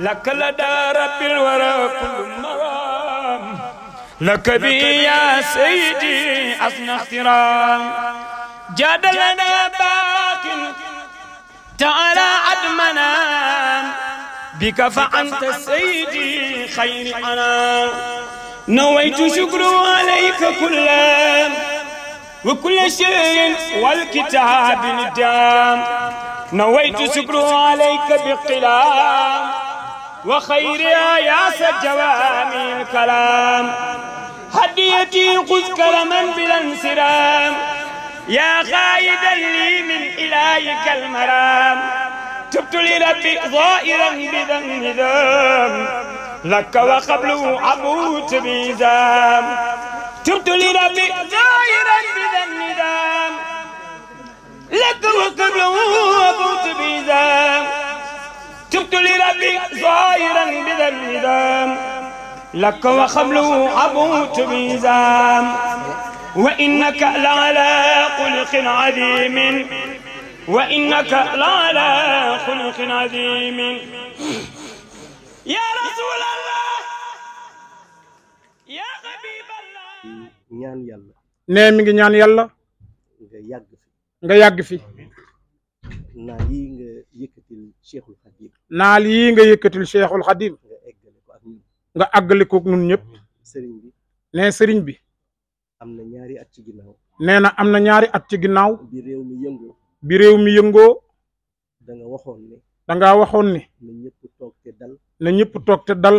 لك لدى رب الورى كل مرام لك بي يا سيدي أصنع احترام جادلنا باك تعالى عدمنا بك فأنت سيدي خير أنا نويت شكر عليك كلا وكل شيء والكتاب ندام نويت شكر عليك بقلام وخيرها يا سجوامي الكلام هديتي خذ كرما بلا انسرام يا خايدا لي من إلهك المرام تبت لربي ظائرا بذنب ذنب لك وقبله عبوت بيزام تبت لربي ظائرا بذنب ظاهرا بذا النظام لك وخبله عبوت ميزام وإنك لعلى خلق عظيم وإنك لعلى خلق عظيم يا رسول الله يا حبيب الله ñaan yàlla nee mi ngi ñaan yàlla nga yàgg fi nga yàgg fi naa yi yëkkatil cheikhul xadim naal yii nga yëkkatil cheikhul xadim nga eggale ko ak ñun nga àggale ko ak ñëpp sëriñ bi nee sëriñ bi am na ñaari at ci ginnaaw nee na am na ñaari at ci ginnaaw bi réew mi yëngoo bi réew mi yëngoo da waxoon ne da waxoon ne na ñëpp toog te dal na ñëpp toog te dal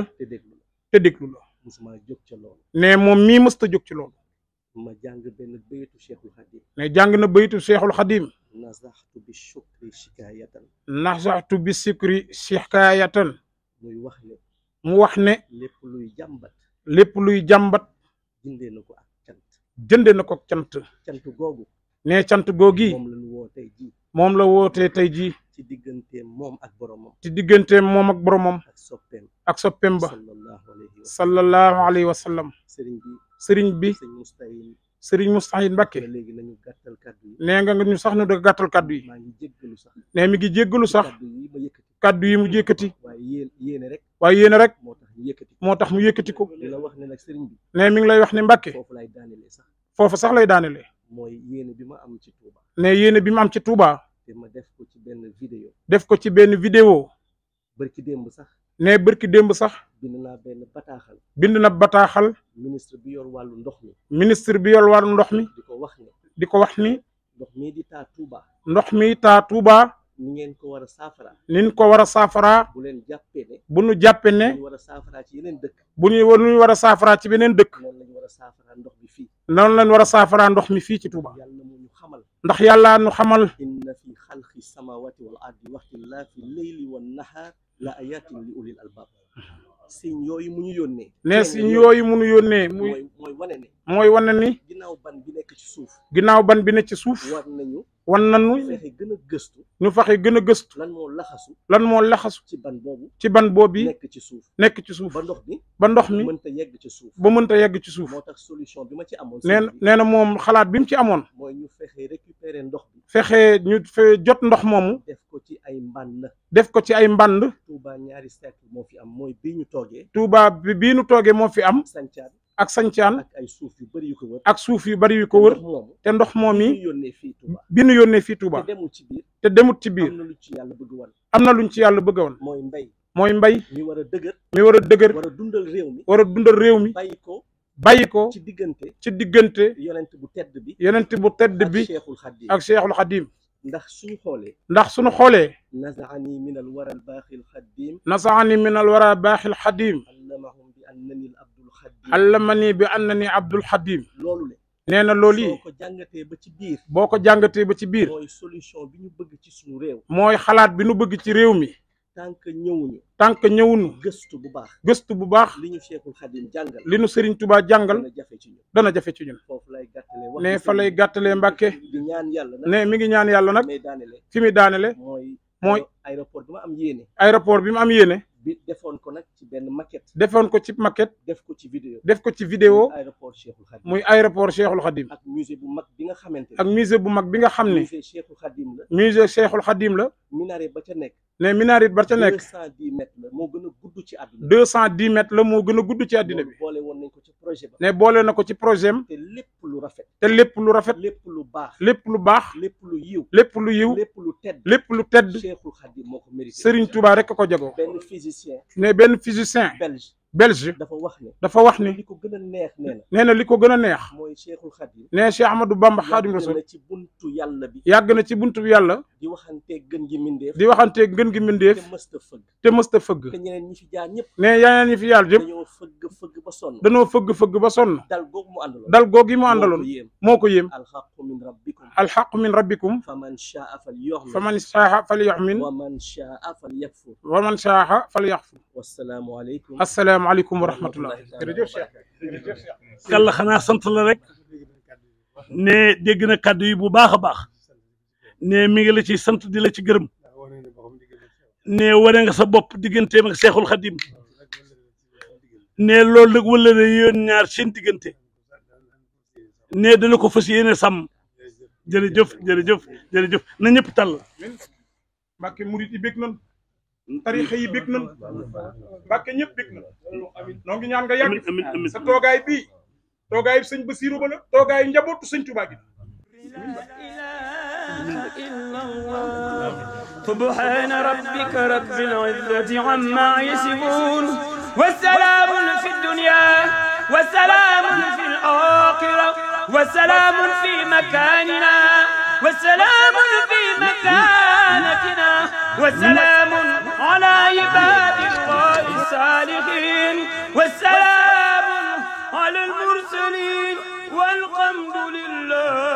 te déglu musuma jóg ca loolu moom mii mësta jog ci loolu ma jàng ne jàng na baytu cheikhul xadim nazaxtu bi sukri shikaayatan nazaxtu bi sukri shikaayatan muy wax ne mu wax ne lépp luy jàmbat lépp luy jàmbat jëndee na ko cant na ko cant cant googu ne cant googi moom la woo tey jii moom la wootee tey jii ci digganteem moom ak boromam ci digganteem moom ak boromam ak soppeem ak soppeem ba sallallahu alayhi wa sëriñ bi sëriñ bi sëriñ mu Serigne Moustahine Mbacké nee nga nga ñu sax nu da gàttal kaddu yi nee mi ngi jéggalu sax kaddu yi mu jékkati waaye yéene rek moo tax mu yëkkati ko nee mi ngi lay wax ne Mbacké foofu sax lay daanelee nee yéene bi ma am ci Touba def ko ci benn vidéo nee bërki démb sax bind na bataaxal. ministre bi yor wàllu ndox mi. ministre bi yor wàllu ndox mi. di ko wax ni di ko wax ni. ndox mi di taa Touba. ndox mi taa Touba. ni ngeen ko war a saafara. ni ñu ko war a saafara. bu leen jàppee bu nu jàppee ne. bu ñu war a saafara ci dëkk. bu ñu ñu war a saafara ci beneen dëkk. noonu la war a saafara ndox mi fii. noonu la war a saafara ndox mi fii ci Touba. ndax yàlla ñu xamal. inna fi xalqi samawati wal ardi waxtilaafi leyli wan nahaar la ayatin li ulil albab signe yooyu mu ñu yónnee. nee signe yooyu mu ñu yónnee. muy mooy wane ni. mooy wane ni. ginnaaw ban bi nekk ci suuf. ginnaaw ban bi nekk ci suuf. war nañu. wan nañu ñu fexe gën a gëstu. ñu fexe gën a gëstu. lan moo laxasu. lan moo laxasu. ci ban boobu. ci ban boobu nekk ci suuf. nekk ci suuf ba ndox mi. ba ndox mi mënta yegg ci suuf. ba mënta yegg ci suuf. moo solution bi ma ci amoon. nee na na moom xalaat bi mu ci amoon. mooy ñu fexe récupérer ndox bi. ñu fe jot ndox moomu. def ko ci ay mbànd. def ko ci ay mbànd. Touba ñaari siècle moo fi am mooy bii ñu toogee. Touba bi bii ñu toogee moo fi am. Sancaan ak Sancaan. ak ay suuf yu bari yu ko wër. ak suuf yu bëri yu ko wër. te ndox moom yi bi ñu yónnee fii Touba. te demut ci biir te demut ci biir. am na luñ ci yàlla bëgg woon. am na luñ ci yàlla bëgg woon. mooy mbay. mooy mbay. mi war a dëgër. mi war a dëgër. war a dundal réew mi. war a dundal réew mi. bàyyi ko. bàyyi ko ci diggante. ci diggante. yonent bu tedd bi. yonent bu tedd bi ak Cheikhul Xadim ndax suñu xoolee. ndax suñu xoolee. nasaani min al wara al baaxil xadiim. nasaani min al wara al baaxil xadiim. allamahum bi annani abdul xadiim. allamani bi annani abdul xadiim. loolu le. nee na loolu yi. boo ko jàngatee ba ci biir. boo ko jàngatee ba ci biir. mooy solution bi ñu bëgg ci suñu réew. xalaat bi ñu bëgg ci réew mi. tànk ñëwuñu. tànk ñëwuñu. gëstu bu baax. gëstu bu baax. li ñu Seexul Xadiim jàngal. li ñu Serigne Touba jàngal. dana jafe ci ñun. dana jafe ci ñun. foofu lay ne fa lay gàttalee Mbàkke ne mi ngi ñaan yàlla nag fi muy daanele mooy aéroport bi mu am yéene. aéroport bi mu am yéene. defoon ko nag ci benn maquette. defoon ko ci maquette. def ko ci vidéo def ko ci vidéo. muy aéroport Cheikhul Khadim muy aéroport Cheikhul Khadim. ak musée bu mag bi nga xamante ne. ak musée bu mag bi nga xam ne. musée Cheikhul Khadim la. musée Cheikhul la. minaret ba ca nekk. ne minaret ba ca nekk. deux cent dix mètres la moo gën a gudd ci àddina bi. cent dix mètres la moo gën gudd ci àddina bi. boole woon nañ ko ci projet ba. ne boole na ko ci projet am. rafet te lépp lu rafet lépp lu baax lépp lu baax lépp lu yiw lépp lu yiw lépp lu tedd lépp lu tedd Cheikhul Khadim moo ko Serigne Touba rek ko jago benn physicien ne benn physicien belge belge dafa wax ne dafa wax ni li ko gën a neex na nee na li ko gën neex mooy Cheikhul Khadim nee Cheikh Ahmadou Bamba Khadim Rasul yàgg ci buntu yàlla bi yàgg na ci buntu yàlla di waxanteeg gën gi mindeef di waxanteeg gën gi mindeef te mësta fëgg te mësta fëgg te ñeneen ñi fi ñëpp nee yeneen ñi fi jaar ñëpp dañoo fëgg fëgg ba sonn fëgg fëgg ba sonn dal googu mu àndaloon dal googu mu àndaloon moo ko yéem alxaqu min rabbikum alxaqu min rabbikum faman shaa fal yu'min faman shaa fal yu'min wa man shaa fal yakfur wa man shaa fal yakfur wasalaamaaleykum asalaamaaleykum wa rahmatulah. jërëjëf xanaa sant la rek ne dégg na kàddu yi bu baax a baax ne mi ngi la ci sant di la ci gërëm ne wane nga sa bopp digganteem Seexul Xadim ne lool nag wala na ñaar seen diggante ne dana ko fas yéene sàmm jërëjëf jërëjëf jërëjëf na ñëpp tàll. Mbàkke tarixa yi bég nañ Mbàkke ñëpp bég nañ noo ngi ñaan nga yàgg fi sa toogaay bii toogaayu sëñ Basiru ba la toogaayu njabootu sëñ Tuubaa gi سبحان ربك رب العزة عما يصفون والسلام في الدنيا والسلام في الآخرة والسلام في مكاننا والسلام في مكانتنا والسلام على عباد الله الصالحين والسلام على المرسلين والحمد لله